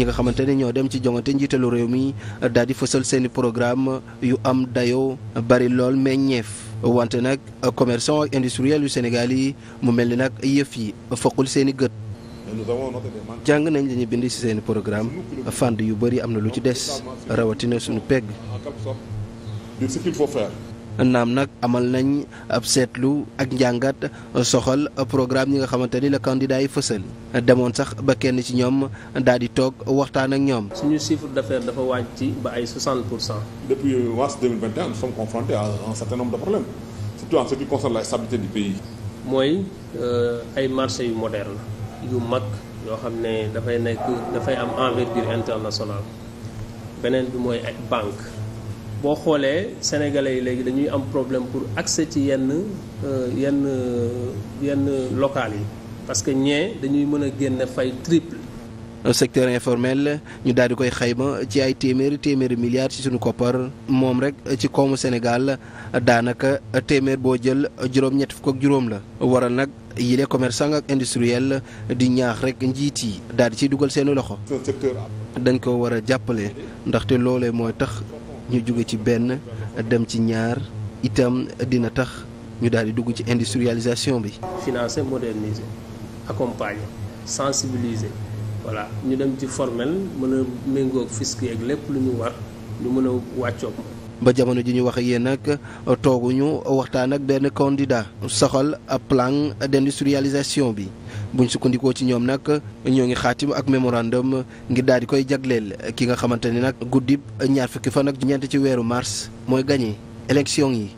ñi nga xamante ne ñoo dem ci jongante njiitalu réew mi daal di fësal seeni programme yu am dayoo bari lool meññeef. wante nag commerçant ak industriel yu Sénégal yi mu mel ni nag yëf yi foqul seen i gët jàng nañ li ñu bind ci seen programme fànn yu bëri am na lu ci des rawatina suñu pegg. naam nag amal nañ ab seetlu ak njàngat soxal programme yi nga xamante ni la candidat yi fësal demoon sax ba kenn ci ñoom daal di toog waxtaan ak ñoom. suñu chiffre d'affaires dafa wàcc ba ay 60 pour cent. depuis mars 2021 nous sommes confrontés à un certain nombre de problèmes surtout en ce qui euh, ay marché yu moderne yu mag yoo xam ne dafay nekk dafay am envergure internationale beneen bi mooy ay banque boo xoolee sénégalais yi léegi dañuy am problème pour accès ci yenn euh, yenn euh, yenn local yi parce que ñee dañuy mën a génn fay triple. secteur informel ñu daal di koy xayma ci ay téeméeri téeméeri milliards ci suñu koppar moom rek ci koomu Sénégal daanaka téeméer boo jël juróom-ñett fukk ak juróom la waral nag yile commerçant ak industriel di ñaax rek njiit yi daal di ciy dugal seeni loxo. dañ ko war a jàppale ndaxte loolee mooy tax. ñu jóge ci benn dem ci ñaar itam dina tax ñu daal di dugg ci industrialisation bi. financer moderniser accompagner sensibiliser voilà ñu dem ci formel mën a méngoog fisc yeeg lépp lu ñu war lu mën a wàccoog ba jamono ji ñu wax yéen nag tooguñu waxtaan ak benn candidat soxal plan d'industrialisation bi buñ sukkandikoo ci ñoom nag ñoo ngi xaatim ak mémorandum ngir daal di koy jagleel ki nga xamante ni nag guddib ñaar fukki fan nag ñeent ci weeru mars mooy gagné élection yi.